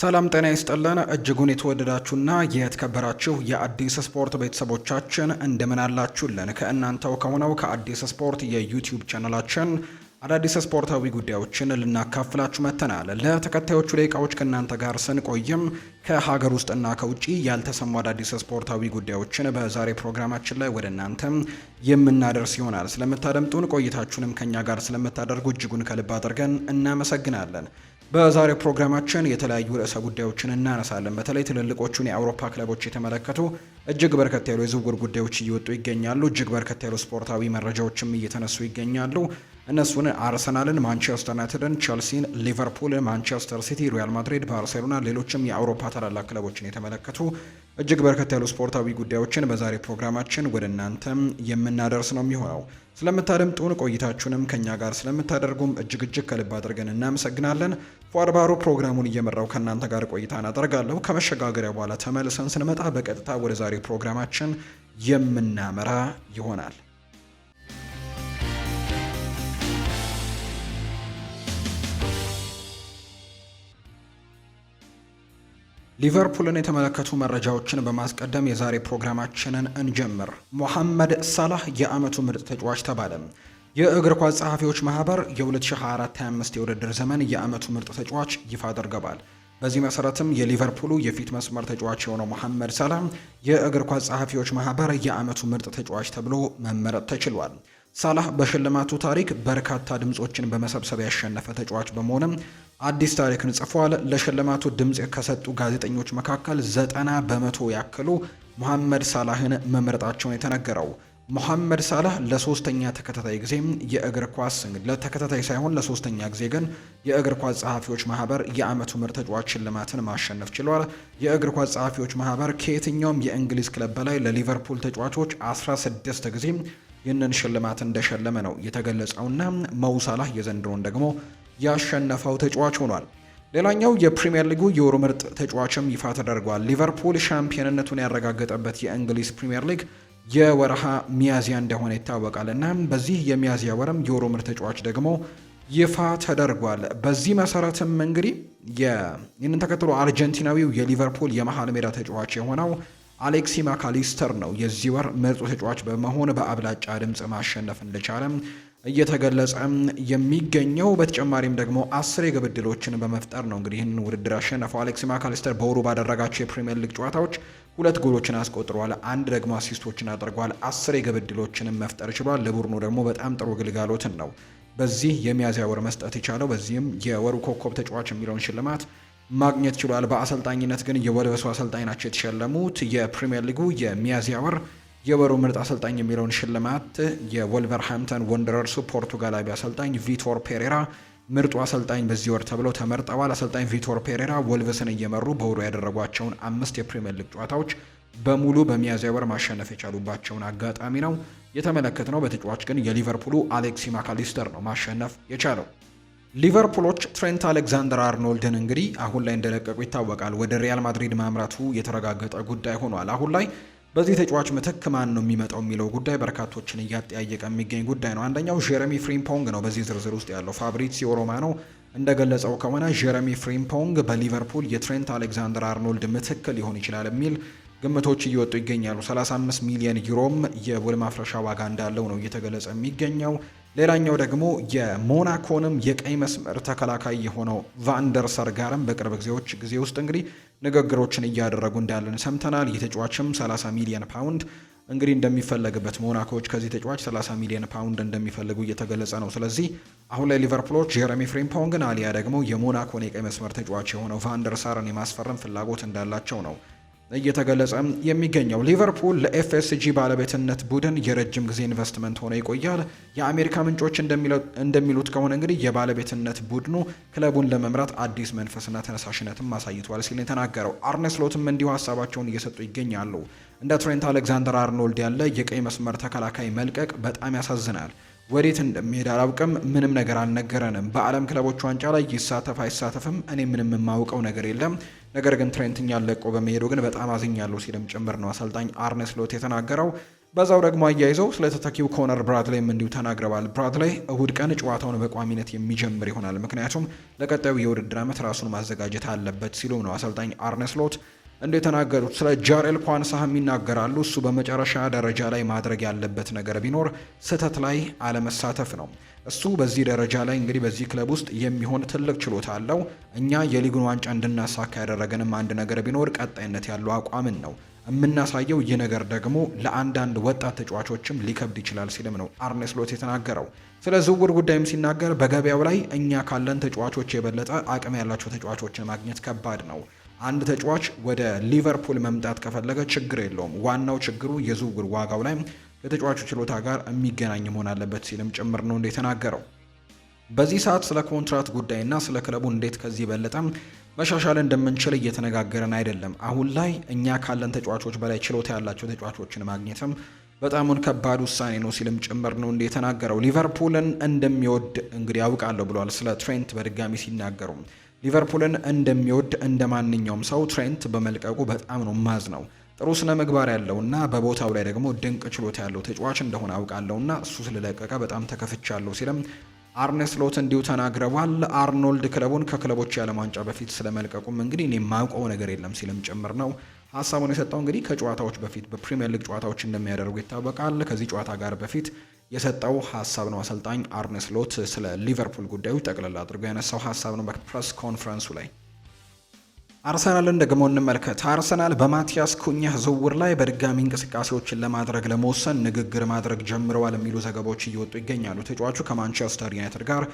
ሰላም ጤና ይስጥልን እጅጉን የተወደዳችሁና የተከበራችሁ የአዲስ ስፖርት ቤተሰቦቻችን እንደምን አላችሁልን? ከእናንተው ከሆነው ከአዲስ ስፖርት የዩቲዩብ ቻናላችን አዳዲስ ስፖርታዊ ጉዳዮችን ልናካፍላችሁ መጥተናል። ለተከታዮቹ ደቂቃዎች ከእናንተ ጋር ስንቆይም ከሀገር ውስጥና ከውጭ ያልተሰሙ አዳዲስ ስፖርታዊ ጉዳዮችን በዛሬ ፕሮግራማችን ላይ ወደ እናንተ የምናደርስ ይሆናል። ስለምታደምጡን ቆይታችሁንም ከኛ ጋር ስለምታደርጉ እጅጉን ከልብ አድርገን እናመሰግናለን። በዛሬው ፕሮግራማችን የተለያዩ ርዕሰ ጉዳዮችን እናነሳለን። በተለይ ትልልቆቹን የአውሮፓ ክለቦች የተመለከቱ እጅግ በርከት ያሉ የዝውውር ጉዳዮች እየወጡ ይገኛሉ። እጅግ በርከት ያሉ ስፖርታዊ መረጃዎችም እየተነሱ ይገኛሉ። እነሱን አርሰናልን፣ ማንቸስተር ዩናይትድን፣ ቸልሲን፣ ሊቨርፑልን፣ ማንቸስተር ሲቲ፣ ሪያል ማድሪድ፣ ባርሴሎና ሌሎችም የአውሮፓ ታላላቅ ክለቦችን የተመለከቱ እጅግ በርከት ያሉ ስፖርታዊ ጉዳዮችን በዛሬ ፕሮግራማችን ወደ እናንተም የምናደርስ ነው የሚሆነው። ስለምታደምጡን ቆይታችሁንም ከእኛ ጋር ስለምታደርጉም እጅግ እጅግ ከልብ አድርገን እናመሰግናለን። ፏአድባሩ ፕሮግራሙን እየመራው ከእናንተ ጋር ቆይታ አደርጋለሁ። ከመሸጋገሪያ በኋላ ተመልሰን ስንመጣ በቀጥታ ወደ ዛሬ ፕሮግራማችን የምናመራ ይሆናል። ሊቨርፑልን የተመለከቱ መረጃዎችን በማስቀደም የዛሬ ፕሮግራማችንን እንጀምር። ሞሐመድ ሳላህ የአመቱ ምርጥ ተጫዋች ተባለ። የእግር ኳስ ጸሐፊዎች ማህበር የ2024/25 የውድድር ዘመን የአመቱ ምርጥ ተጫዋች ይፋ አድርገዋል። በዚህ መሰረትም የሊቨርፑሉ የፊት መስመር ተጫዋች የሆነው ሞሐመድ ሳላህ የእግር ኳስ ጸሐፊዎች ማህበር የአመቱ ምርጥ ተጫዋች ተብሎ መመረጥ ተችሏል። ሳላህ በሽልማቱ ታሪክ በርካታ ድምጾችን በመሰብሰብ ያሸነፈ ተጫዋች በመሆንም አዲስ ታሪክን ጽፏል። ለሽልማቱ ድምፅ ከሰጡ ጋዜጠኞች መካከል ዘጠና በመቶ ያክሉ መሐመድ ሳላህን መምረጣቸውን የተነገረው መሐመድ ሳላህ ለሶስተኛ ተከታታይ ጊዜ የእግር ኳስ ለተከታታይ ሳይሆን ለሶስተኛ ጊዜ ግን የእግር ኳስ ጸሐፊዎች ማህበር የአመቱ ምርጥ ተጫዋች ሽልማትን ማሸነፍ ችሏል። የእግር ኳስ ጸሐፊዎች ማህበር ከየትኛውም የእንግሊዝ ክለብ በላይ ለሊቨርፑል ተጫዋቾች 16 ጊዜ ይህንን ሽልማት እንደሸለመ ነው የተገለጸውና ሳላህ የዘንድሮን ደግሞ ያሸነፈው ተጫዋች ሆኗል። ሌላኛው የፕሪምየር ሊጉ የወሩ ምርጥ ተጫዋችም ይፋ ተደርጓል። ሊቨርፑል ሻምፒዮንነቱን ያረጋገጠበት የእንግሊዝ ፕሪምየር ሊግ የወርሃ ሚያዚያ እንደሆነ ይታወቃል። እና በዚህ የሚያዚያ ወርም የወሩ ምርጥ ተጫዋች ደግሞ ይፋ ተደርጓል። በዚህ መሰረትም እንግዲህ ይህንን ተከትሎ አርጀንቲናዊው የሊቨርፑል የመሃል ሜዳ ተጫዋች የሆነው አሌክሲ ማካሊስተር ነው የዚህ ወር ምርጡ ተጫዋች በመሆን በአብላጫ ድምፅ ማሸነፍ እንደቻለም እየተገለጸ የሚገኘው በተጨማሪም ደግሞ አስር የግብ ዕድሎችን በመፍጠር ነው። እንግዲህ ይህንን ውድድር አሸነፈው። አሌክሲ ማካሊስተር በወሩ ባደረጋቸው የፕሪምየር ሊግ ጨዋታዎች ሁለት ጎሎችን አስቆጥሯል። አንድ ደግሞ አሲስቶችን አድርጓል። አስር የግብ ዕድሎችንም መፍጠር ችሏል። ለቡድኑ ደግሞ በጣም ጥሩ ግልጋሎትን ነው በዚህ የሚያዝያ ወር መስጠት የቻለው። በዚህም የወሩ ኮከብ ተጫዋች የሚለውን ሽልማት ማግኘት ችሏል። በአሰልጣኝነት ግን የወልበሱ አሰልጣኝ ናቸው የተሸለሙት። የፕሪምየር ሊጉ የሚያዝያ ወር የወሩ ምርጥ አሰልጣኝ የሚለውን ሽልማት የወልቨርሃምተን ወንደረርሱ ፖርቱጋላዊ አሰልጣኝ ቪቶር ፔሬራ ምርጡ አሰልጣኝ በዚህ ወር ተብለው ተመርጠዋል። አሰልጣኝ ቪቶር ፔሬራ ወልቭስን እየመሩ በውሩ ያደረጓቸውን አምስት የፕሪምየር ሊግ ጨዋታዎች በሙሉ በሚያዝያ ወር ማሸነፍ የቻሉባቸውን አጋጣሚ ነው ነው። በተጫዋች ግን የሊቨርፑሉ አሌክሲ ማካሊስተር ነው ማሸነፍ የቻለው። ሊቨርፑሎች ትሬንት አሌክዛንደር አርኖልድን እንግዲህ አሁን ላይ እንደለቀቁ ይታወቃል። ወደ ሪያል ማድሪድ ማምራቱ የተረጋገጠ ጉዳይ ሆኗል። አሁን ላይ በዚህ ተጫዋች ምትክ ማን ነው የሚመጣው የሚለው ጉዳይ በርካቶችን እያጠያየቀ የሚገኝ ጉዳይ ነው። አንደኛው ጀረሚ ፍሪምፖንግ ነው በዚህ ዝርዝር ውስጥ ያለው። ሲሮማ ሮማኖ እንደገለጸው ከሆነ ጀረሚ ፍሪምፖንግ በሊቨርፑል የትሬንት አሌክዛንደር አርኖልድ ምትክ ሊሆን ይችላል የሚል ግምቶች እየወጡ ይገኛሉ። 35 ሚሊዮን ዩሮም የውል ማፍረሻ ዋጋ እንዳለው ነው እየተገለጸ የሚገኘው። ሌላኛው ደግሞ የሞናኮንም የቀይ መስመር ተከላካይ የሆነው ቫንደርሰር ጋርም በቅርብ ጊዜዎች ጊዜ ውስጥ እንግዲህ ንግግሮችን እያደረጉ እንዳለን ሰምተናል። ይህ ተጫዋችም 30 ሚሊዮን ፓውንድ እንግዲህ እንደሚፈለግበት ሞናኮዎች ከዚህ ተጫዋች 30 ሚሊዮን ፓውንድ እንደሚፈልጉ እየተገለጸ ነው። ስለዚህ አሁን ላይ ሊቨርፑሎች ጀረሚ ፍሪምፖንግን አሊያ ደግሞ የሞናኮን የቀኝ መስመር ተጫዋች የሆነው ቫንደርሳርን የማስፈረም ፍላጎት እንዳላቸው ነው እየተገለጸ የሚገኘው ሊቨርፑል ለኤፍኤስጂ ባለቤትነት ቡድን የረጅም ጊዜ ኢንቨስትመንት ሆኖ ይቆያል። የአሜሪካ ምንጮች እንደሚሉት ከሆነ እንግዲህ የባለቤትነት ቡድኑ ክለቡን ለመምራት አዲስ መንፈስና ተነሳሽነትም አሳይቷል ሲል የተናገረው አርነስሎትም እንዲሁ ሀሳባቸውን እየሰጡ ይገኛሉ። እንደ ትሬንት አሌክዛንደር አርኖልድ ያለ የቀይ መስመር ተከላካይ መልቀቅ በጣም ያሳዝናል። ወዴት እንደሚሄድ አላውቅም። ምንም ነገር አልነገረንም። በዓለም ክለቦች ዋንጫ ላይ ይሳተፍ አይሳተፍም እኔ ምንም የማውቀው ነገር የለም። ነገር ግን ትሬንትኛን ለቆ በመሄዱ ግን በጣም አዝኛለሁ ሲልም ጭምር ነው አሰልጣኝ አርነ ስሎት የተናገረው። በዛው ደግሞ አያይዘው ስለ ተተኪው ኮነር ብራድላይም እንዲሁ ተናግረዋል። ብራድላይ እሁድ ቀን ጨዋታውን በቋሚነት የሚጀምር ይሆናል፣ ምክንያቱም ለቀጣዩ የውድድር ዓመት ራሱን ማዘጋጀት አለበት ሲሉም ነው አሰልጣኝ አርነ ስሎት እንደተናገሩት ስለ ጃሬል ኳንሳህም ይናገራሉ። እሱ በመጨረሻ ደረጃ ላይ ማድረግ ያለበት ነገር ቢኖር ስህተት ላይ አለመሳተፍ ነው። እሱ በዚህ ደረጃ ላይ እንግዲህ በዚህ ክለብ ውስጥ የሚሆን ትልቅ ችሎታ አለው። እኛ የሊጉን ዋንጫ እንድናሳካ ያደረገንም አንድ ነገር ቢኖር ቀጣይነት ያለው አቋምን ነው የምናሳየው። ይህ ነገር ደግሞ ለአንዳንድ ወጣት ተጫዋቾችም ሊከብድ ይችላል ሲልም ነው አርኔ ስሎት የተናገረው። ስለ ዝውውር ጉዳይም ሲናገር በገበያው ላይ እኛ ካለን ተጫዋቾች የበለጠ አቅም ያላቸው ተጫዋቾችን ማግኘት ከባድ ነው አንድ ተጫዋች ወደ ሊቨርፑል መምጣት ከፈለገ ችግር የለውም። ዋናው ችግሩ የዝውውር ዋጋው ላይ ከተጫዋቹ ችሎታ ጋር የሚገናኝ መሆን አለበት ሲልም ጭምር ነው እንደ የተናገረው። በዚህ ሰዓት ስለ ኮንትራት ጉዳይና ስለ ክለቡ እንዴት ከዚህ በለጠ መሻሻል እንደምንችል እየተነጋገረን አይደለም። አሁን ላይ እኛ ካለን ተጫዋቾች በላይ ችሎታ ያላቸው ተጫዋቾችን ማግኘትም በጣሙን ከባድ ውሳኔ ነው ሲልም ጭምር ነው እንደ የተናገረው። ሊቨርፑልን እንደሚወድ እንግዲህ ያውቃለሁ ብሏል ስለ ትሬንት በድጋሚ ሲናገሩ ሊቨርፑልን እንደሚወድ እንደ ማንኛውም ሰው ትሬንት በመልቀቁ በጣም ነው ማዝ ነው። ጥሩ ስነ ምግባር ያለውና በቦታው ላይ ደግሞ ድንቅ ችሎታ ያለው ተጫዋች እንደሆነ አውቃለሁና እሱ ስለለቀቀ በጣም ተከፍቻለሁ ሲልም አርነ እንዲሁ ተናግረዋል። አርኖልድ ክለቡን ከክለቦች የዓለም ዋንጫ በፊት ስለመልቀቁም እንግዲህ እኔ የማውቀው ነገር የለም ሲልም ጭምር ነው ሀሳቡን የሰጠው። እንግዲህ ከጨዋታዎች በፊት በፕሪምየር ሊግ ጨዋታዎች እንደሚያደርጉ ይታወቃል። ከዚህ ጨዋታ ጋር በፊት የሰጠው ሀሳብ ነው። አሰልጣኝ አርነ ስሎት ስለ ሊቨርፑል ጉዳዩ ጠቅልል አድርጎ ያነሳው ሀሳብ ነው በፕሬስ ኮንፈረንሱ ላይ። አርሰናልን ደግሞ እንመልከት። አርሰናል በማቲያስ ኩኛ ዝውውር ላይ በድጋሚ እንቅስቃሴዎችን ለማድረግ ለመወሰን ንግግር ማድረግ ጀምረዋል የሚሉ ዘገባዎች እየወጡ ይገኛሉ። ተጫዋቹ ከማንቸስተር ዩናይትድ ጋር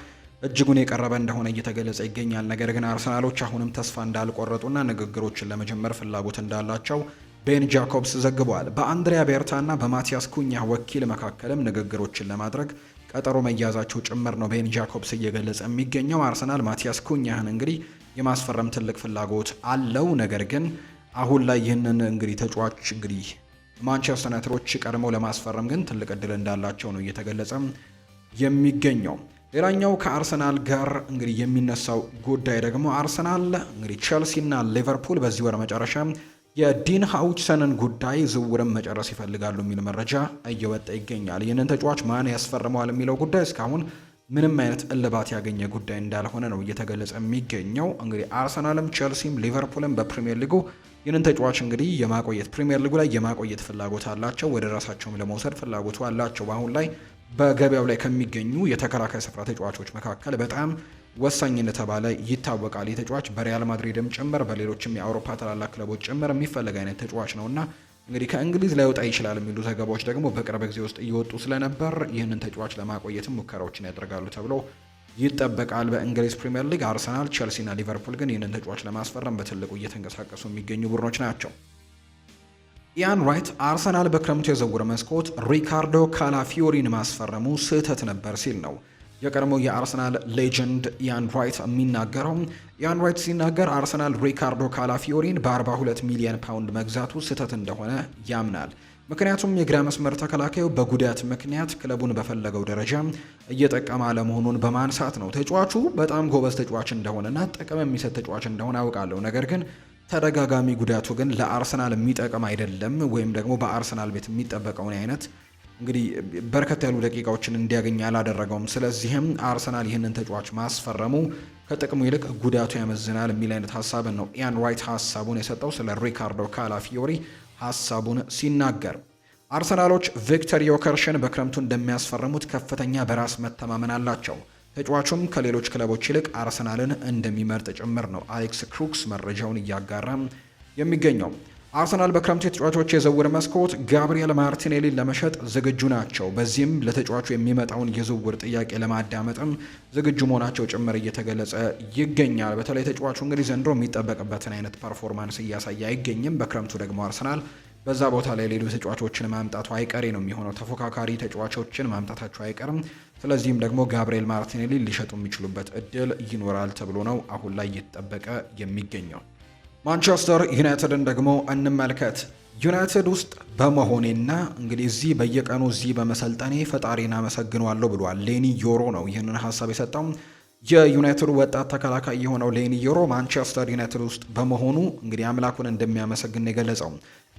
እጅጉን የቀረበ እንደሆነ እየተገለጸ ይገኛል። ነገር ግን አርሰናሎች አሁንም ተስፋ እንዳልቆረጡና ንግግሮችን ለመጀመር ፍላጎት እንዳላቸው ቤን ጃኮብስ ዘግቧል። በአንድሪያ ቤርታና በማቲያስ ኩኛ ወኪል መካከልም ንግግሮችን ለማድረግ ቀጠሮ መያዛቸው ጭምር ነው ቤን ጃኮብስ እየገለጸ የሚገኘው። አርሰናል ማቲያስ ኩኛህን እንግዲህ የማስፈረም ትልቅ ፍላጎት አለው። ነገር ግን አሁን ላይ ይህንን እንግዲህ ተጫዋች እንግዲህ ማንቸስተር ዩናይትዶች ቀድመው ለማስፈረም ግን ትልቅ እድል እንዳላቸው ነው እየተገለጸ የሚገኘው። ሌላኛው ከአርሰናል ጋር እንግዲህ የሚነሳው ጉዳይ ደግሞ አርሰናል እንግዲህ ቼልሲና ሊቨርፑል በዚህ ወር መጨረሻ የዲን ሀውችሰንን ጉዳይ ዝውውርን መጨረስ ይፈልጋሉ የሚል መረጃ እየወጣ ይገኛል። ይህንን ተጫዋች ማን ያስፈርመዋል የሚለው ጉዳይ እስካሁን ምንም አይነት እልባት ያገኘ ጉዳይ እንዳልሆነ ነው እየተገለጸ የሚገኘው። እንግዲህ አርሰናልም፣ ቼልሲም፣ ሊቨርፑልም በፕሪምየር ሊጉ ይህንን ተጫዋች እንግዲህ የማቆየት ፕሪምየር ሊጉ ላይ የማቆየት ፍላጎት አላቸው። ወደ ራሳቸውም ለመውሰድ ፍላጎቱ አላቸው። በአሁን ላይ በገበያው ላይ ከሚገኙ የተከላካይ ስፍራ ተጫዋቾች መካከል በጣም ወሳኝ እንደተባለ ይታወቃል። ይህ ተጫዋች በሪያል ማድሪድም ጭምር በሌሎችም የአውሮፓ ታላላቅ ክለቦች ጭምር የሚፈለግ አይነት ተጫዋች ነውና እንግዲህ ከእንግሊዝ ላይወጣ ይችላል የሚሉ ዘገባዎች ደግሞ በቅርብ ጊዜ ውስጥ እየወጡ ስለነበር ይህንን ተጫዋች ለማቆየትም ሙከራዎችን ያደርጋሉ ተብሎ ይጠበቃል። በእንግሊዝ ፕሪምየር ሊግ አርሰናል፣ ቸልሲና ሊቨርፑል ግን ይህንን ተጫዋች ለማስፈረም በትልቁ እየተንቀሳቀሱ የሚገኙ ቡድኖች ናቸው። ኢያን ራይት አርሰናል በክረምቱ የዝውውር መስኮት ሪካርዶ ካላፊዮሪን ማስፈረሙ ስህተት ነበር ሲል ነው የቀድሞ የአርሰናል ሌጀንድ ያን ራይት የሚናገረው ያን ራይት ሲናገር አርሰናል ሪካርዶ ካላፊዮሪን በ42 ሚሊዮን ፓውንድ መግዛቱ ስህተት እንደሆነ ያምናል። ምክንያቱም የግራ መስመር ተከላካዩ በጉዳት ምክንያት ክለቡን በፈለገው ደረጃ እየጠቀመ አለመሆኑን በማንሳት ነው። ተጫዋቹ በጣም ጎበዝ ተጫዋች እንደሆነና ጥቅም የሚሰጥ ተጫዋች እንደሆነ አውቃለሁ፣ ነገር ግን ተደጋጋሚ ጉዳቱ ግን ለአርሰናል የሚጠቅም አይደለም ወይም ደግሞ በአርሰናል ቤት የሚጠበቀውን አይነት እንግዲህ በርከት ያሉ ደቂቃዎችን እንዲያገኝ አላደረገውም። ስለዚህም አርሰናል ይህንን ተጫዋች ማስፈረሙ ከጥቅሙ ይልቅ ጉዳቱ ያመዝናል የሚል አይነት ሀሳብን ነው ኢያን ራይት ሀሳቡን የሰጠው ስለ ሪካርዶ ካላፊዮሪ ሀሳቡን ሲናገር። አርሰናሎች ቪክተር ዮከርሽን በክረምቱ እንደሚያስፈርሙት ከፍተኛ በራስ መተማመን አላቸው። ተጫዋቹም ከሌሎች ክለቦች ይልቅ አርሰናልን እንደሚመርጥ ጭምር ነው አሌክስ ክሩክስ መረጃውን እያጋራም የሚገኘው። አርሰናል በክረምቱ የተጫዋቾች የዝውውር መስኮት ጋብሪኤል ማርቲኔሊን ለመሸጥ ዝግጁ ናቸው። በዚህም ለተጫዋቹ የሚመጣውን የዝውውር ጥያቄ ለማዳመጥም ዝግጁ መሆናቸው ጭምር እየተገለጸ ይገኛል። በተለይ ተጫዋቹ እንግዲህ ዘንድሮ የሚጠበቅበትን አይነት ፐርፎርማንስ እያሳየ አይገኝም። በክረምቱ ደግሞ አርሰናል በዛ ቦታ ላይ ሌሎች ተጫዋቾችን ማምጣቱ አይቀሬ ነው የሚሆነው። ተፎካካሪ ተጫዋቾችን ማምጣታቸው አይቀርም። ስለዚህም ደግሞ ጋብሪኤል ማርቲኔሊ ሊሸጡ የሚችሉበት እድል ይኖራል ተብሎ ነው አሁን ላይ እየተጠበቀ የሚገኘው። ማንቸስተር ዩናይትድን ደግሞ እንመልከት። ዩናይትድ ውስጥ በመሆኔና እንግዲህ እዚህ በየቀኑ እዚህ በመሰልጠኔ ፈጣሪን አመሰግነዋለሁ ብሏል። ሌኒ ዮሮ ነው ይህንን ሀሳብ የሰጠው። የዩናይትዱ ወጣት ተከላካይ የሆነው ሌኒ ዮሮ ማንቸስተር ዩናይትድ ውስጥ በመሆኑ እንግዲህ አምላኩን እንደሚያመሰግን የገለጸው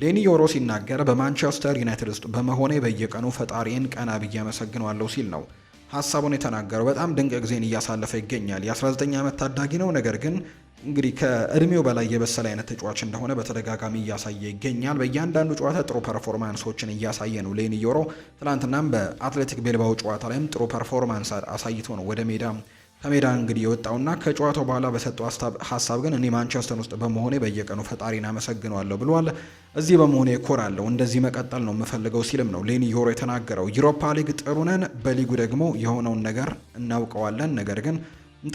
ሌኒ ዮሮ ሲናገር በማንቸስተር ዩናይትድ ውስጥ በመሆኔ በየቀኑ ፈጣሪን ቀና ብዬ አመሰግነዋለሁ ሲል ነው ሀሳቡን የተናገረው። በጣም ድንቅ ጊዜን እያሳለፈ ይገኛል። የ19 ዓመት ታዳጊ ነው፣ ነገር ግን እንግዲህ ከእድሜው በላይ የበሰለ አይነት ተጫዋች እንደሆነ በተደጋጋሚ እያሳየ ይገኛል። በእያንዳንዱ ጨዋታ ጥሩ ፐርፎርማንሶችን እያሳየ ነው። ሌኒ ዮሮ ትናንትናም በአትሌቲክ ቤልባው ጨዋታ ላይም ጥሩ ፐርፎርማንስ አሳይቶ ነው ወደ ሜዳ ከሜዳ እንግዲህ የወጣውና ከጨዋታው በኋላ በሰጠው ሀሳብ ግን እኔ ማንቸስተር ውስጥ በመሆኔ በየቀኑ ፈጣሪን አመሰግነዋለሁ ብሏል። እዚህ በመሆኔ እኮራለሁ፣ እንደዚህ መቀጠል ነው የምፈልገው ሲልም ነው ሌኒ ዮሮ የተናገረው። ዩሮፓ ሊግ ጥሩ ነን፣ በሊጉ ደግሞ የሆነውን ነገር እናውቀዋለን። ነገር ግን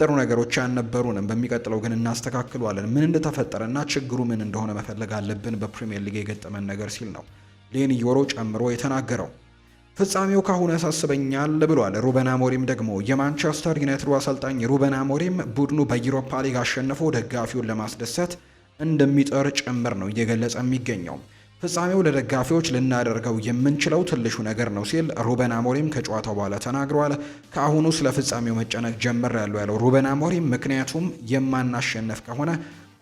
ጥሩ ነገሮች አልነበሩንም። በሚቀጥለው ግን እናስተካክለዋለን። ምን እንደተፈጠረና ችግሩ ምን እንደሆነ መፈለግ አለብን፣ በፕሪምየር ሊግ የገጠመን ነገር ሲል ነው ሌኒ ዮሮ ጨምሮ የተናገረው። ፍጻሜው ካሁን ያሳስበኛል ብሏል። ሩበን አሞሪም ደግሞ የማንቸስተር ዩናይትድ አሰልጣኝ ሩበን አሞሪም ቡድኑ በዩሮፓ ሊግ አሸንፎ ደጋፊውን ለማስደሰት እንደሚጠር ጭምር ነው እየገለጸ የሚገኘው። ፍጻሜው ለደጋፊዎች ልናደርገው የምንችለው ትልሹ ነገር ነው ሲል ሩበን አሞሪም ከጨዋታው በኋላ ተናግሯል። ከአሁኑ ስለ ፍጻሜው መጨነቅ ጀምር ያለው ያለው ሩበን አሞሪም ምክንያቱም የማናሸነፍ ከሆነ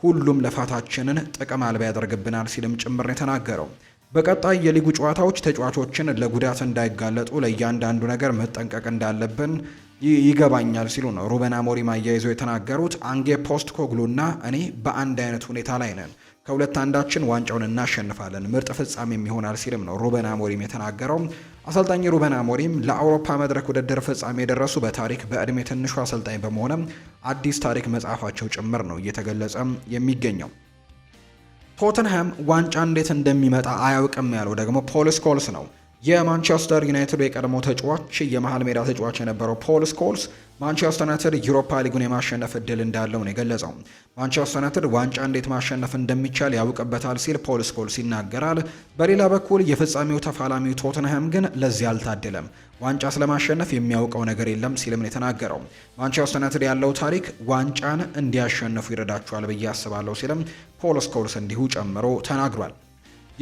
ሁሉም ለፋታችንን ጥቅም አልባ ያደርግብናል ሲልም ጭምር ነው የተናገረው። በቀጣይ የሊጉ ጨዋታዎች ተጫዋቾችን ለጉዳት እንዳይጋለጡ ለእያንዳንዱ ነገር መጠንቀቅ እንዳለብን ይገባኛል ሲሉ ነው ሩበን አሞሪም አያይዘው የተናገሩት። አንጌ ፖስት ኮግሉና እኔ በአንድ አይነት ሁኔታ ላይ ነን። ከሁለት አንዳችን ዋንጫውን እናሸንፋለን፣ ምርጥ ፍጻሜም ይሆናል ሲልም ነው ሩበን አሞሪም የተናገረው። አሰልጣኝ ሩበን አሞሪም ለአውሮፓ መድረክ ውድድር ፍጻሜ የደረሱ በታሪክ በእድሜ ትንሹ አሰልጣኝ በመሆንም አዲስ ታሪክ መጽሐፋቸው ጭምር ነው እየተገለጸ የሚገኘው። ቶተንሃም ዋንጫ እንዴት እንደሚመጣ አያውቅም ያለው ደግሞ ፖል ስኮልስ ነው። የማንቸስተር ዩናይትድ የቀድሞ ተጫዋች የመሀል ሜዳ ተጫዋች የነበረው ፖል ስኮልስ ማንቸስተር ዩናይትድ ዩሮፓ ሊጉን የማሸነፍ እድል እንዳለው ነው የገለጸው። ማንቸስተር ዩናይትድ ዋንጫ እንዴት ማሸነፍ እንደሚቻል ያውቅበታል ሲል ፖል ስኮልስ ይናገራል። በሌላ በኩል የፍጻሜው ተፋላሚው ቶትንሃም ግን ለዚህ አልታደለም። ዋንጫ ስለማሸነፍ የሚያውቀው ነገር የለም ሲልም ነው የተናገረው። ማንቸስተር ዩናይትድ ያለው ታሪክ ዋንጫን እንዲያሸንፉ ይረዳቸዋል ብዬ አስባለሁ ሲልም ፖል ስኮልስ እንዲሁ ጨምሮ ተናግሯል።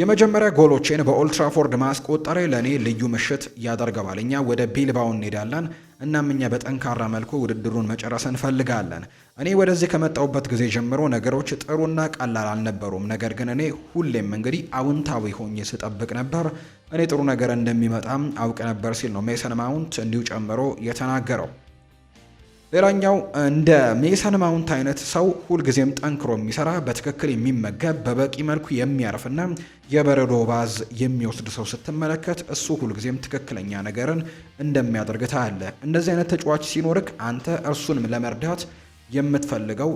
የመጀመሪያ ጎሎቼን በኦልትራፎርድ ማስቆጠሬ ለእኔ ልዩ ምሽት ያደርገዋል። እኛ ወደ ቢልባው እንሄዳለን። እናም እኛ በጠንካራ መልኩ ውድድሩን መጨረስ እንፈልጋለን። እኔ ወደዚህ ከመጣሁበት ጊዜ ጀምሮ ነገሮች ጥሩና ቀላል አልነበሩም። ነገር ግን እኔ ሁሌም እንግዲህ አውንታዊ ሆኜ ስጠብቅ ነበር። እኔ ጥሩ ነገር እንደሚመጣም አውቅ ነበር ሲል ነው ሜሰን ማውንት እንዲሁ ጨምሮ የተናገረው። ሌላኛው እንደ ሜሰን ማውንት አይነት ሰው ሁልጊዜም ጠንክሮ የሚሰራ በትክክል የሚመገብ በበቂ መልኩ የሚያርፍና የበረዶ ባዝ የሚወስድ ሰው ስትመለከት እሱ ሁልጊዜም ትክክለኛ ነገርን እንደሚያደርግ ታያለ። እንደዚህ አይነት ተጫዋች ሲኖርክ አንተ እርሱንም ለመርዳት የምትፈልገው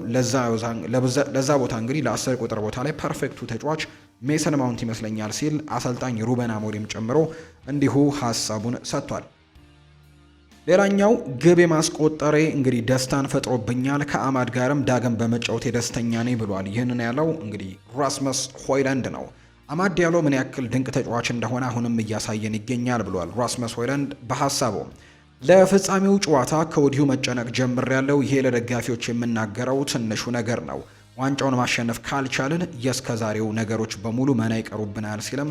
ለዛ ቦታ እንግዲህ ለአስር ቁጥር ቦታ ላይ ፐርፌክቱ ተጫዋች ሜሰን ማውንት ይመስለኛል ሲል አሰልጣኝ ሩበን አሞሪም ጨምሮ እንዲሁ ሀሳቡን ሰጥቷል። ሌላኛው ግብ የማስቆጠሬ እንግዲህ ደስታን ፈጥሮብኛል። ከአማድ ጋርም ዳግም በመጫወቴ ደስተኛ ነኝ ብሏል። ይህንን ያለው እንግዲህ ራስመስ ሆይለንድ ነው። አማድ ያለው ምን ያክል ድንቅ ተጫዋች እንደሆነ አሁንም እያሳየን ይገኛል ብሏል ራስመስ ሆይለንድ በሀሳቡ ለፍጻሜው ጨዋታ ከወዲሁ መጨነቅ ጀምር ያለው ይሄ ለደጋፊዎች የምናገረው ትንሹ ነገር ነው። ዋንጫውን ማሸነፍ ካልቻልን የእስከዛሬው ነገሮች በሙሉ መና ይቀሩብናል ሲልም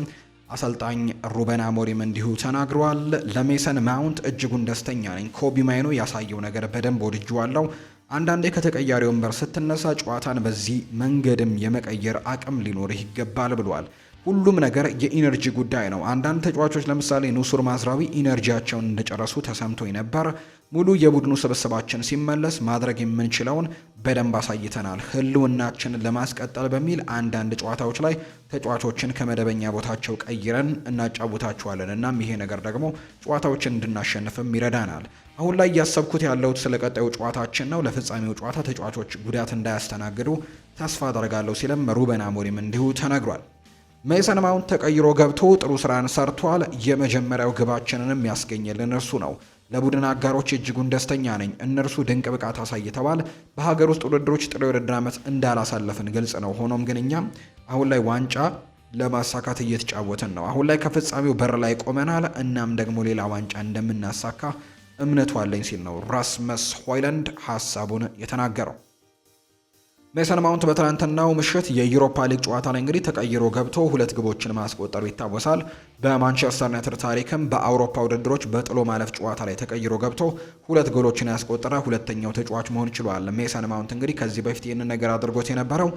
አሰልጣኝ ሩበን አሞሪም እንዲሁ ተናግረዋል። ለሜሰን ማውንት እጅጉን ደስተኛ ነኝ። ኮቢ ማይኖ ያሳየው ነገር በደንብ ወድጄዋለሁ። አንዳንዴ ከተቀያሪ ወንበር ስትነሳ ጨዋታን በዚህ መንገድም የመቀየር አቅም ሊኖርህ ይገባል ብሏል። ሁሉም ነገር የኢነርጂ ጉዳይ ነው። አንዳንድ ተጫዋቾች ለምሳሌ ኑሱር ማዝራዊ ኢነርጂያቸውን እንደጨረሱ ተሰምቶ ነበር። ሙሉ የቡድኑ ስብስባችን ሲመለስ ማድረግ የምንችለውን በደንብ አሳይተናል። ህልውናችንን ለማስቀጠል በሚል አንዳንድ ጨዋታዎች ላይ ተጫዋቾችን ከመደበኛ ቦታቸው ቀይረን እናጫውታቸዋለን። እናም ይሄ ነገር ደግሞ ጨዋታዎችን እንድናሸንፍም ይረዳናል። አሁን ላይ እያሰብኩት ያለሁት ስለ ቀጣዩ ጨዋታችን ነው። ለፍጻሜው ጨዋታ ተጫዋቾች ጉዳት እንዳያስተናግዱ ተስፋ አደርጋለሁ ሲለም ሩበን አሞሪም እንዲሁ ተናግሯል። ሜሰን ማውንት ተቀይሮ ገብቶ ጥሩ ስራን ሰርቷል። የመጀመሪያው ግባችንንም ያስገኘልን እርሱ ነው። ለቡድን አጋሮች እጅጉን ደስተኛ ነኝ። እነርሱ ድንቅ ብቃት አሳይተዋል። በሀገር ውስጥ ውድድሮች ጥሩ የውድድር ዓመት እንዳላሳለፍን ግልጽ ነው። ሆኖም ግን እኛም አሁን ላይ ዋንጫ ለማሳካት እየተጫወትን ነው። አሁን ላይ ከፍጻሜው በር ላይ ቆመናል። እናም ደግሞ ሌላ ዋንጫ እንደምናሳካ እምነቱ አለኝ ሲል ነው ራስመስ ሆይለንድ ሀሳቡን የተናገረው። ሜሰን ማውንት በትናንትናው ምሽት የዩሮፓ ሊግ ጨዋታ ላይ እንግዲህ ተቀይሮ ገብቶ ሁለት ግቦችን ማስቆጠሩ ይታወሳል። በማንቸስተር ዩናይትድ ታሪክም በአውሮፓ ውድድሮች በጥሎ ማለፍ ጨዋታ ላይ ተቀይሮ ገብቶ ሁለት ጎሎችን ያስቆጠረ ሁለተኛው ተጫዋች መሆን ችሏል። ሜሰን ማውንት እንግዲህ ከዚህ በፊት ይህንን ነገር አድርጎት የነበረው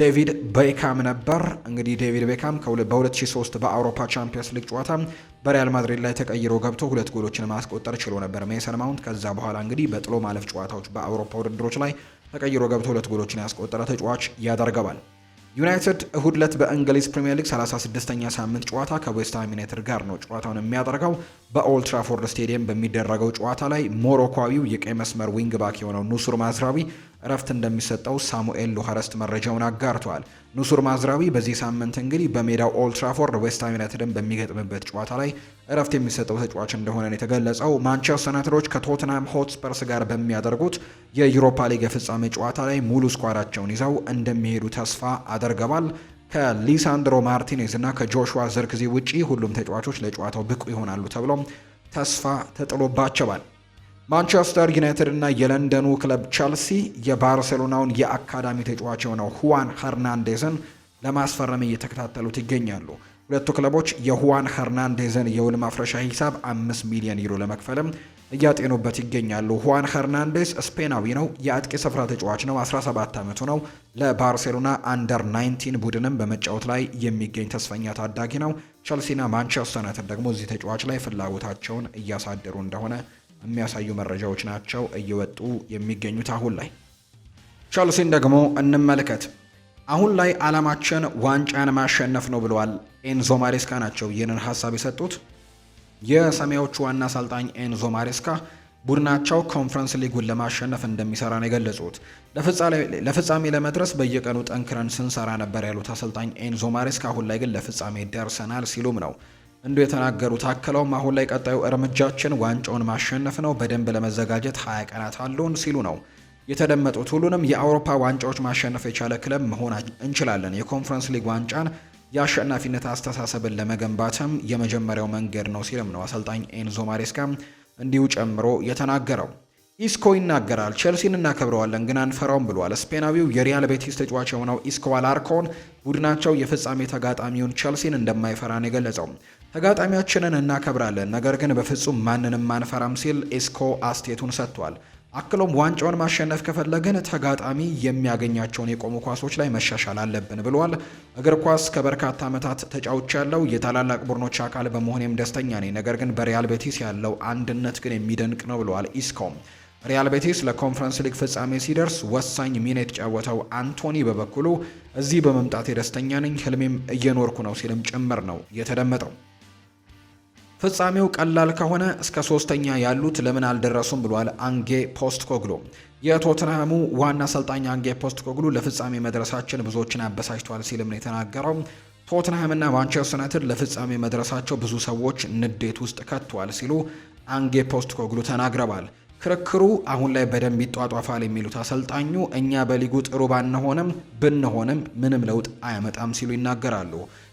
ዴቪድ ቤካም ነበር። እንግዲህ ዴቪድ ቤካም በ2003 በአውሮፓ ቻምፒየንስ ሊግ ጨዋታ በሪያል ማድሪድ ላይ ተቀይሮ ገብቶ ሁለት ጎሎችን ማስቆጠር ችሎ ነበር ሜሰን ማውንት። ከዛ በኋላ እንግዲህ በጥሎ ማለፍ ጨዋታዎች በአውሮፓ ውድድሮች ላይ ተቀይሮ ገብቶ ሁለት ጎሎችን ያስቆጠረ ተጫዋች ያደርገዋል። ዩናይትድ እሁድ በእንግሊዝ ፕሪምየር ሊግ 36ኛ ሳምንት ጨዋታ ከዌስትሃም ዩናይትድ ጋር ነው ጨዋታውን የሚያደርገው። በኦልትራፎርድ ስታዲየም ስቴዲየም በሚደረገው ጨዋታ ላይ ሞሮኳዊው የቀይ መስመር ዊንግ ባክ የሆነው ኑሱር ማዝራዊ እረፍት እንደሚሰጠው ሳሙኤል ሉሃረስት መረጃውን አጋርቷል። ኑሱር ማዝራዊ በዚህ ሳምንት እንግዲህ በሜዳው ኦልትራፎርድ ዌስትሃም ዩናይትድን በሚገጥምበት ጨዋታ ላይ እረፍት የሚሰጠው ተጫዋች እንደሆነ የተገለጸው። ማንቸስተር ዩናይትዶች ከቶትናም ሆትስፐርስ ጋር በሚያደርጉት የዩሮፓ ሊግ የፍጻሜ ጨዋታ ላይ ሙሉ ስኳዳቸውን ይዘው እንደሚሄዱ ተስፋ አድርገዋል። ከሊሳንድሮ ማርቲኔዝ እና ከጆሹዋ ዘርክዚ ውጪ ሁሉም ተጫዋቾች ለጨዋታው ብቁ ይሆናሉ ተብሎም ተስፋ ተጥሎባቸዋል። ማንቸስተር ዩናይትድ እና የለንደኑ ክለብ ቸልሲ የባርሴሎናውን የአካዳሚ ተጫዋች የሆነው ሁዋን ሄርናንዴዝን ለማስፈረም እየተከታተሉት ይገኛሉ። ሁለቱ ክለቦች የሁዋን ሄርናንዴዝን የውል ማፍረሻ ሂሳብ አምስት ሚሊዮን ዩሮ ለመክፈልም እያጤኑበት ይገኛሉ። ሁዋን ሄርናንዴዝ ስፔናዊ ነው። የአጥቂ ስፍራ ተጫዋች ነው። 17 ዓመቱ ነው። ለባርሴሎና አንደር 19 ቡድንም በመጫወት ላይ የሚገኝ ተስፈኛ ታዳጊ ነው። ቸልሲና ማንቸስተር ዩናይትድ ደግሞ እዚህ ተጫዋች ላይ ፍላጎታቸውን እያሳደሩ እንደሆነ የሚያሳዩ መረጃዎች ናቸው እየወጡ የሚገኙት አሁን ላይ። ቸልሲን ደግሞ እንመልከት። አሁን ላይ ዓላማችን ዋንጫን ማሸነፍ ነው ብለዋል ኤንዞ ማሬስካ ናቸው ይህንን ሀሳብ የሰጡት። የሰማያዎቹ ዋና አሰልጣኝ ኤንዞ ማሬስካ ቡድናቸው ኮንፈረንስ ሊጉን ለማሸነፍ እንደሚሰራ ነው የገለጹት። ለፍጻሜ ለመድረስ በየቀኑ ጠንክረን ስንሰራ ነበር ያሉት አሰልጣኝ ኤንዞ ማሬስካ አሁን ላይ ግን ለፍጻሜ ደርሰናል ሲሉም ነው እንዱ የተናገሩት አክለውም አሁን ላይ ቀጣዩ እርምጃችን ዋንጫውን ማሸነፍ ነው። በደንብ ለመዘጋጀት ሀያ ቀናት አሉን ሲሉ ነው የተደመጡት። ሁሉንም የአውሮፓ ዋንጫዎች ማሸነፍ የቻለ ክለብ መሆን እንችላለን። የኮንፈረንስ ሊግ ዋንጫን የአሸናፊነት አስተሳሰብን ለመገንባትም የመጀመሪያው መንገድ ነው ሲልም ነው አሰልጣኝ ኤንዞ ማሬስካ እንዲሁ ጨምሮ የተናገረው። ኢስኮ ይናገራል። ቼልሲን እናከብረዋለን ግን አንፈራውም ብሏል። ስፔናዊው የሪያል ቤቲስ ተጫዋች የሆነው ኢስኮ አላርኮን ቡድናቸው የፍጻሜ ተጋጣሚውን ቼልሲን እንደማይፈራ የገለጸው። ተጋጣሚያችንን እናከብራለን፣ ነገር ግን በፍጹም ማንንም ማንፈራም ሲል ኢስኮ አስቴቱን ሰጥቷል። አክሎም ዋንጫውን ማሸነፍ ከፈለግን ተጋጣሚ የሚያገኛቸውን የቆሙ ኳሶች ላይ መሻሻል አለብን ብሏል። እግር ኳስ ከበርካታ ዓመታት ተጫውች ያለው የታላላቅ ቡድኖች አካል በመሆኔም ደስተኛ ነኝ፣ ነገር ግን በሪያል ቤቲስ ያለው አንድነት ግን የሚደንቅ ነው ብለዋል ኢስኮም። ሪያል ቤቲስ ለኮንፈረንስ ሊግ ፍጻሜ ሲደርስ ወሳኝ ሚና የተጫወተው አንቶኒ በበኩሉ እዚህ በመምጣቴ ደስተኛ ነኝ፣ ህልሜም እየኖርኩ ነው ሲልም ጭምር ነው የተደመጠው። ፍጻሜው ቀላል ከሆነ እስከ ሶስተኛ ያሉት ለምን አልደረሱም ብሏል አንጌ ፖስት ኮግሎ። የቶትንሃሙ ዋና አሰልጣኝ አንጌ ፖስት ኮግሎ ለፍጻሜ መድረሳችን ብዙዎችን አበሳጭቷል ሲልም ነው የተናገረው። ቶትንሃምና ማንቸስተር ዩናይትድ ለፍጻሜ መድረሳቸው ብዙ ሰዎች ንዴት ውስጥ ከቷል ሲሉ አንጌ ፖስት ኮግሎ ተናግረዋል። ክርክሩ አሁን ላይ በደንብ ይጧጧፋል የሚሉት አሰልጣኙ እኛ በሊጉ ጥሩ ባንሆንም ብንሆንም ምንም ለውጥ አያመጣም ሲሉ ይናገራሉ።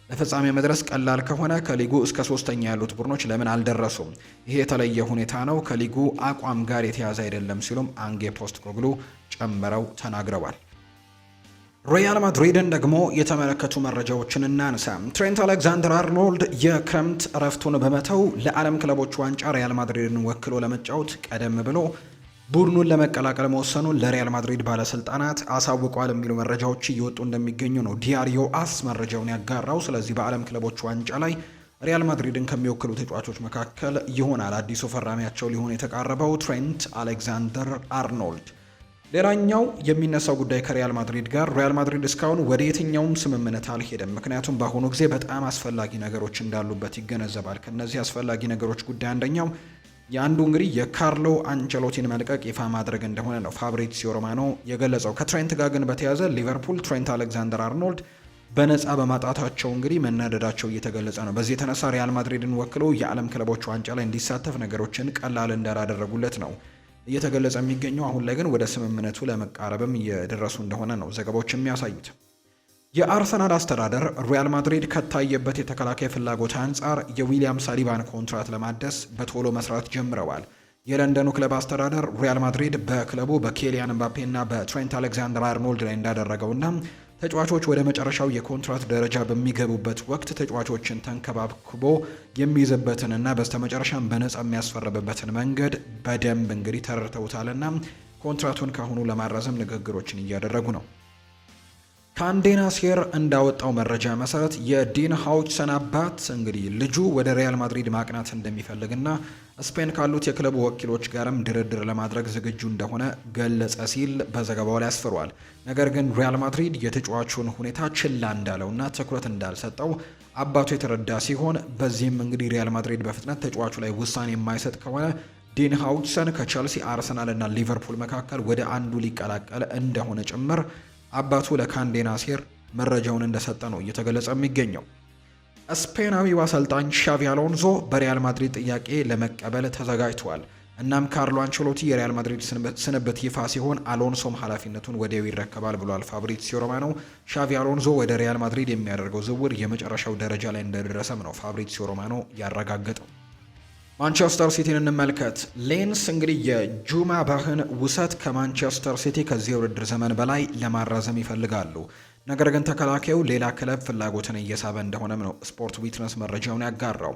ለፍጻሜ መድረስ ቀላል ከሆነ ከሊጉ እስከ ሶስተኛ ያሉት ቡድኖች ለምን አልደረሱም? ይሄ የተለየ ሁኔታ ነው፣ ከሊጉ አቋም ጋር የተያዘ አይደለም ሲሉም አንጌ ፖስት ኮግሉ ጨምረው ተናግረዋል። ሪያል ማድሪድን ደግሞ የተመለከቱ መረጃዎችን እናንሳ። ትሬንት አሌክዛንደር አርኖልድ የክረምት እረፍቱን በመተው ለዓለም ክለቦች ዋንጫ ሪያል ማድሪድን ወክሎ ለመጫወት ቀደም ብሎ ቡድኑን ለመቀላቀል መወሰኑን ለሪያል ማድሪድ ባለስልጣናት አሳውቋል የሚሉ መረጃዎች እየወጡ እንደሚገኙ ነው ዲያሪዮ አስ መረጃውን ያጋራው። ስለዚህ በዓለም ክለቦች ዋንጫ ላይ ሪያል ማድሪድን ከሚወክሉ ተጫዋቾች መካከል ይሆናል አዲሱ ፈራሚያቸው ሊሆን የተቃረበው ትሬንት አሌክዛንደር አርኖልድ። ሌላኛው የሚነሳው ጉዳይ ከሪያል ማድሪድ ጋር ሪያል ማድሪድ እስካሁን ወደ የትኛውም ስምምነት አልሄደም። ምክንያቱም በአሁኑ ጊዜ በጣም አስፈላጊ ነገሮች እንዳሉበት ይገነዘባል። ከእነዚህ አስፈላጊ ነገሮች ጉዳይ አንደኛው የአንዱ እንግዲህ የካርሎ አንቸሎቲን መልቀቅ ይፋ ማድረግ እንደሆነ ነው ፋብሪዚዮ ሮማኖ የገለጸው። ከትሬንት ጋር ግን በተያያዘ ሊቨርፑል ትሬንት አሌክዛንደር አርኖልድ በነፃ በማጣታቸው እንግዲህ መናደዳቸው እየተገለጸ ነው። በዚህ የተነሳ ሪያል ማድሪድን ወክለው የዓለም ክለቦች ዋንጫ ላይ እንዲሳተፍ ነገሮችን ቀላል እንዳላደረጉለት ነው እየተገለጸ የሚገኘው። አሁን ላይ ግን ወደ ስምምነቱ ለመቃረብም እየደረሱ እንደሆነ ነው ዘገባዎች የሚያሳዩት። የአርሰናል አስተዳደር ሪያል ማድሪድ ከታየበት የተከላካይ ፍላጎት አንጻር የዊሊያም ሳሊባን ኮንትራት ለማደስ በቶሎ መስራት ጀምረዋል። የለንደኑ ክለብ አስተዳደር ሪያል ማድሪድ በክለቡ በኬሊያን ምባፔና በትሬንት አሌክዛንደር አርኖልድ ላይ እንዳደረገውና ተጫዋቾች ወደ መጨረሻው የኮንትራት ደረጃ በሚገቡበት ወቅት ተጫዋቾችን ተንከባክቦ የሚይዝበትንና በስተመጨረሻም በነጻ የሚያስፈርብበትን መንገድ በደንብ እንግዲህ ተረድተውታልና ኮንትራቱን ካሁኑ ለማራዘም ንግግሮችን እያደረጉ ነው። ከአንዴና ሴር እንዳወጣው መረጃ መሰረት የዲን ሃውችሰን አባት እንግዲህ ልጁ ወደ ሪያል ማድሪድ ማቅናት እንደሚፈልግና ስፔን ካሉት የክለቡ ወኪሎች ጋርም ድርድር ለማድረግ ዝግጁ እንደሆነ ገለጸ ሲል በዘገባው ላይ አስፍሯል። ነገር ግን ሪያል ማድሪድ የተጫዋቹን ሁኔታ ችላ እንዳለውና ትኩረት እንዳልሰጠው አባቱ የተረዳ ሲሆን በዚህም እንግዲህ ሪያል ማድሪድ በፍጥነት ተጫዋቹ ላይ ውሳኔ የማይሰጥ ከሆነ ዲን ሃውችሰን ከቸልሲ፣ አርሰናል ሊቨርፑል መካከል ወደ አንዱ ሊቀላቀል እንደሆነ ጭምር አባቱ ለካንዴ ናሴር መረጃውን እንደሰጠ ነው እየተገለጸ የሚገኘው። ስፔናዊው አሰልጣኝ ሻቪ አሎንዞ በሪያል ማድሪድ ጥያቄ ለመቀበል ተዘጋጅቷል። እናም ካርሎ አንቸሎቲ የሪያል ማድሪድ ስንብት ይፋ ሲሆን አሎንሶም ኃላፊነቱን ወዲያው ይረከባል ብሏል ፋብሪዚዮ ሮማኖ። ሻቪ አሎንዞ ወደ ሪያል ማድሪድ የሚያደርገው ዝውውር የመጨረሻው ደረጃ ላይ እንደደረሰም ነው ፋብሪዚዮ ሮማኖ ያረጋገጠው። ማንቸስተር ሲቲን እንመልከት። ሌንስ እንግዲህ የጁማ ባህን ውሰት ከማንቸስተር ሲቲ ከዚህ ውድድር ዘመን በላይ ለማራዘም ይፈልጋሉ። ነገር ግን ተከላካዩ ሌላ ክለብ ፍላጎትን እየሳበ እንደሆነም ነው ስፖርት ዊትነስ መረጃውን ያጋራው።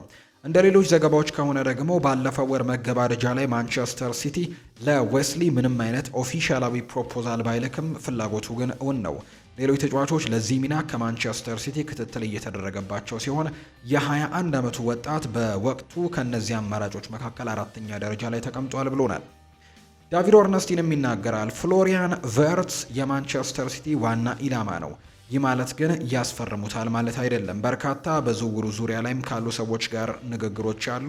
እንደ ሌሎች ዘገባዎች ከሆነ ደግሞ ባለፈው ወር መገባደጃ ላይ ማንቸስተር ሲቲ ለዌስሊ ምንም አይነት ኦፊሻላዊ ፕሮፖዛል ባይልክም ፍላጎቱ ግን እውን ነው። ሌሎች ተጫዋቾች ለዚህ ሚና ከማንቸስተር ሲቲ ክትትል እየተደረገባቸው ሲሆን የ21 ዓመቱ ወጣት በወቅቱ ከእነዚህ አማራጮች መካከል አራተኛ ደረጃ ላይ ተቀምጧል ብሎናል። ዳቪድ ኦርነስቲንም ይናገራል። ፍሎሪያን ቨርትስ የማንቸስተር ሲቲ ዋና ኢላማ ነው። ይህ ማለት ግን ያስፈርሙታል ማለት አይደለም። በርካታ በዝውውሩ ዙሪያ ላይም ካሉ ሰዎች ጋር ንግግሮች አሉ።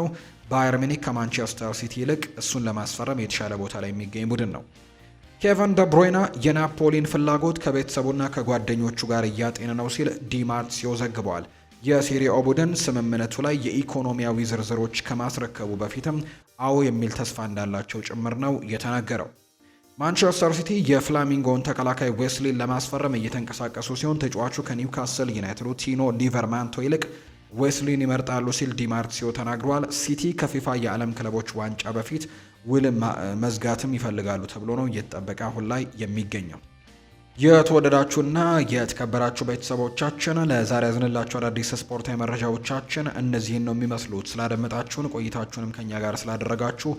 ባየር ሚኒክ ከማንቸስተር ሲቲ ይልቅ እሱን ለማስፈረም የተሻለ ቦታ ላይ የሚገኝ ቡድን ነው። ኬቨን ደብሮይና የናፖሊን ፍላጎት ከቤተሰቡና ከጓደኞቹ ጋር እያጤነ ነው ሲል ዲማርሲዮ ዘግቧል። የሴሪኦ ቡድን ስምምነቱ ላይ የኢኮኖሚያዊ ዝርዝሮች ከማስረከቡ በፊትም አዎ የሚል ተስፋ እንዳላቸው ጭምር ነው የተናገረው። ማንቸስተር ሲቲ የፍላሚንጎን ተከላካይ ዌስሊን ለማስፈረም እየተንቀሳቀሱ ሲሆን ተጫዋቹ ከኒውካስል ዩናይትዱ ቲኖ ሊቨርማንቶ ይልቅ ዌስሊን ይመርጣሉ ሲል ዲማርሲዮ ተናግሯል። ሲቲ ከፊፋ የዓለም ክለቦች ዋንጫ በፊት ውል መዝጋትም ይፈልጋሉ ተብሎ ነው እየተጠበቀ አሁን ላይ የሚገኘው። የተወደዳችሁና የተከበራችሁ ቤተሰቦቻችን ለዛሬ ያዝንላችሁ አዳዲስ ስፖርታዊ መረጃዎቻችን እነዚህን ነው የሚመስሉት። ስላደመጣችሁን ቆይታችሁንም ከኛ ጋር ስላደረጋችሁ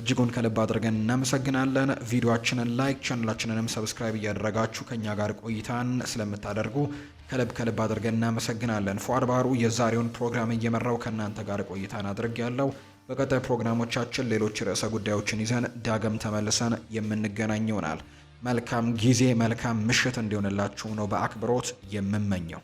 እጅጉን ከልብ አድርገን እናመሰግናለን። ቪዲዮችንን ላይክ፣ ቻናላችንንም ሰብስክራይብ እያደረጋችሁ ከኛ ጋር ቆይታን ስለምታደርጉ ከልብ ከልብ አድርገን እናመሰግናለን። ፏድ ባህሩ የዛሬውን ፕሮግራም እየመራው ከእናንተ ጋር ቆይታን አድርግ ያለው በቀጣይ ፕሮግራሞቻችን ሌሎች ርዕሰ ጉዳዮችን ይዘን ዳግም ተመልሰን የምንገናኝ ይሆናል። መልካም ጊዜ፣ መልካም ምሽት እንዲሆንላችሁ ነው በአክብሮት የምመኘው።